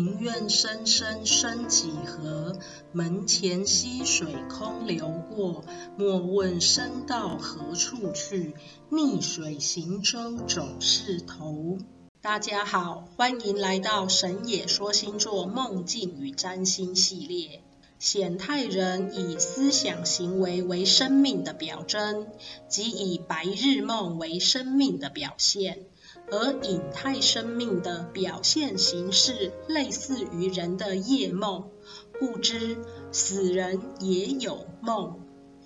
庭院深深深幾何，門前溪水空流過。莫問身到何處去，逆水行舟總是頭。大家好，歡迎來到神野說星座、夢境與占星系列。顯太人以思想行為為生命的表徵，即以白日夢為生命的表現。而隱態生命的表現形式類似於人的夜夢，故知死人也有夢。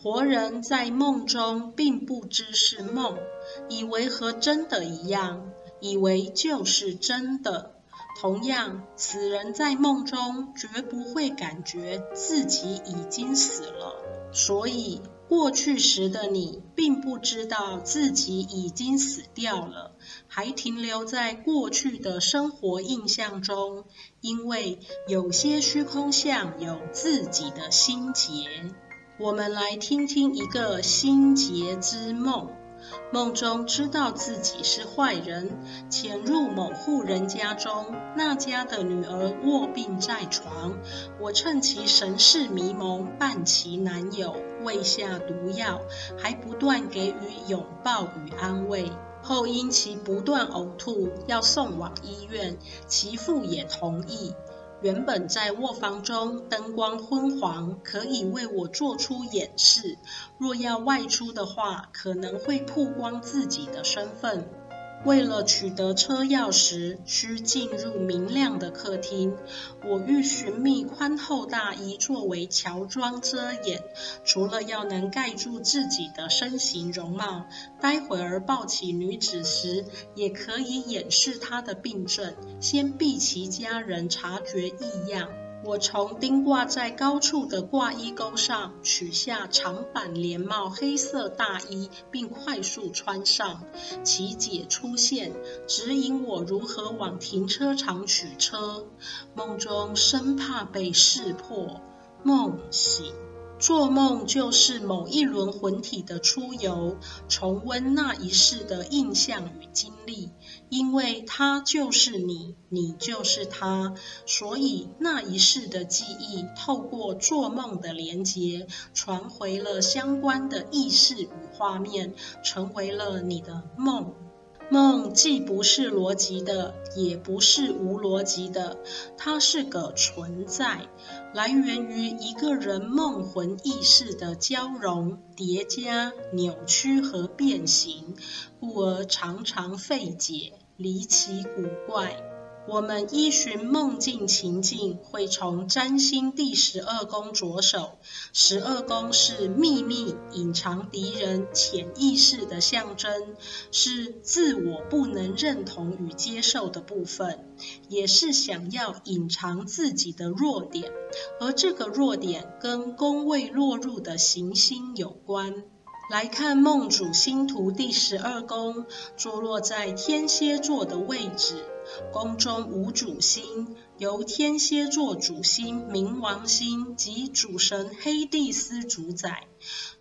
活人在夢中並不知是夢，以為和真的一樣，以為就是真的。同樣，死人在夢中絕不會感覺自己已經死了。所以，過去世的你並不知道自己已經死掉了，還停留在過去的生活印象中。因為有些虛空像有自己的心結，我們來聽聽一個心結之夢。夢中知道自己是壞人，潛入某戶人家中，那家的女兒臥病在床，我趁其神志迷濛，扮其男友，餵下毒藥，還不斷給予擁抱與安慰。後因其不斷嘔吐，要送往醫院，其父也同意。原本在臥房中，燈光昏黃，可以為我做出掩飾。若要外出的話，可能會曝光自己的身份。為了取得車鑰匙，需進入明亮的客廳。我欲尋覓寬厚大衣作為喬裝遮掩，除了要能蓋住自己的身形容貌，待會兒抱起女子時，也可以掩飾她的病症，先避其家人察覺異樣。我從釘掛在高處的掛衣鈎上取下長版連帽黑色大衣，並快速穿上。其姐出現，指引我如何往停車場取車。夢中生怕被識破，夢醒。做夢就是某一輪魂體的出遊，重溫那一世的印象與經歷，因為它就是你，你就是它，所以那一世的記憶透過做夢的連結，傳回了相關的意識與畫面，成為了你的夢。夢既不是邏輯的，也不是無邏輯的，它是個存在，來源於一個人夢魂意識的交融、疊加、扭曲和變形，故而常常費解、離奇古怪。我們依循夢境情境，會從占星第十二宮着手。十二宮是秘密、隱藏敵人、潛意識的象徵，是自我不能認同與接受的部分，也是想要隱藏自己的弱點。而這個弱點跟宮位落入的行星有關。來看夢主星圖第十二宮，坐落在天蠍座的位置。宮中無主星，由天蠍座主星冥王星及主神黑帝斯主宰。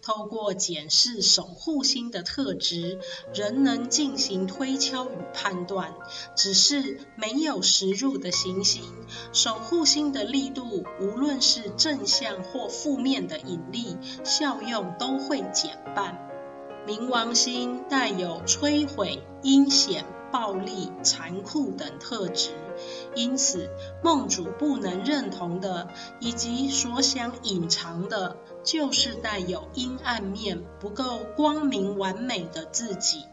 透過檢視守護星的特質，仍能進行推敲與判斷。只是沒有實入的行星，星，守護星的力度，無論是正向或負面的引力效用，都會減半。冥王星帶有摧毀、陰險。暴力、殘酷等特質，因此夢主不能認同的，以及所想隱藏的，就是帶有陰暗面、不夠光明完美的自己。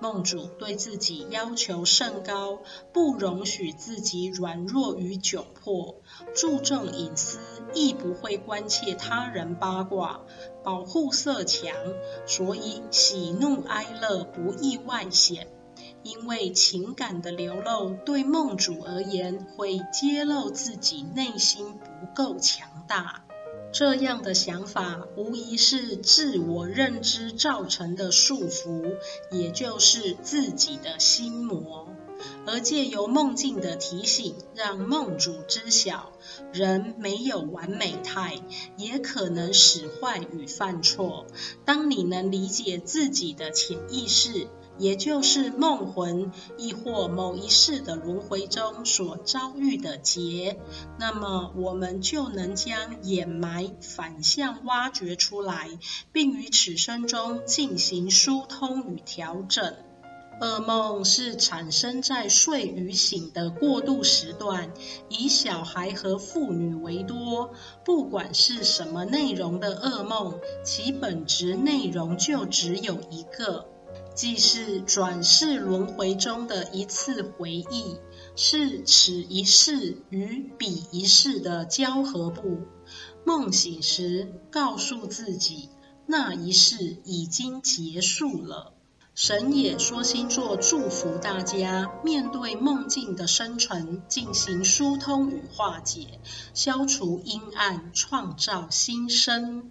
夢主對自己要求甚高，不容許自己軟弱與窘迫，注重隱私，亦不會關切他人八卦，保護色強，所以喜怒哀樂不易外顯。因為情感的流露對夢主而言，會揭露自己內心不夠強大。這樣的想法無疑是自我認知造成的束縛，也就是自己的心魔。而借由夢境的提醒，讓夢主知曉，人沒有完美態，也可能使壞與犯錯。當你能理解自己的潛意識。也就是夢魂，亦或某一世的輪迴中所遭遇的劫，那麼我們就能將掩埋反向挖掘出來，並於此生中進行疏通與調整。噩夢是產生在睡與醒的過渡時段，以小孩和婦女為多。不管是什麼內容的噩夢，其本質內容就只有一個。既是轉世輪迴中的一次回憶，是此一世與彼一世的交合部。夢醒時，告訴自己那一世已經結束了。神野說星座祝福大家，面對夢境的生存進行疏通與化解，消除陰暗，創造新生。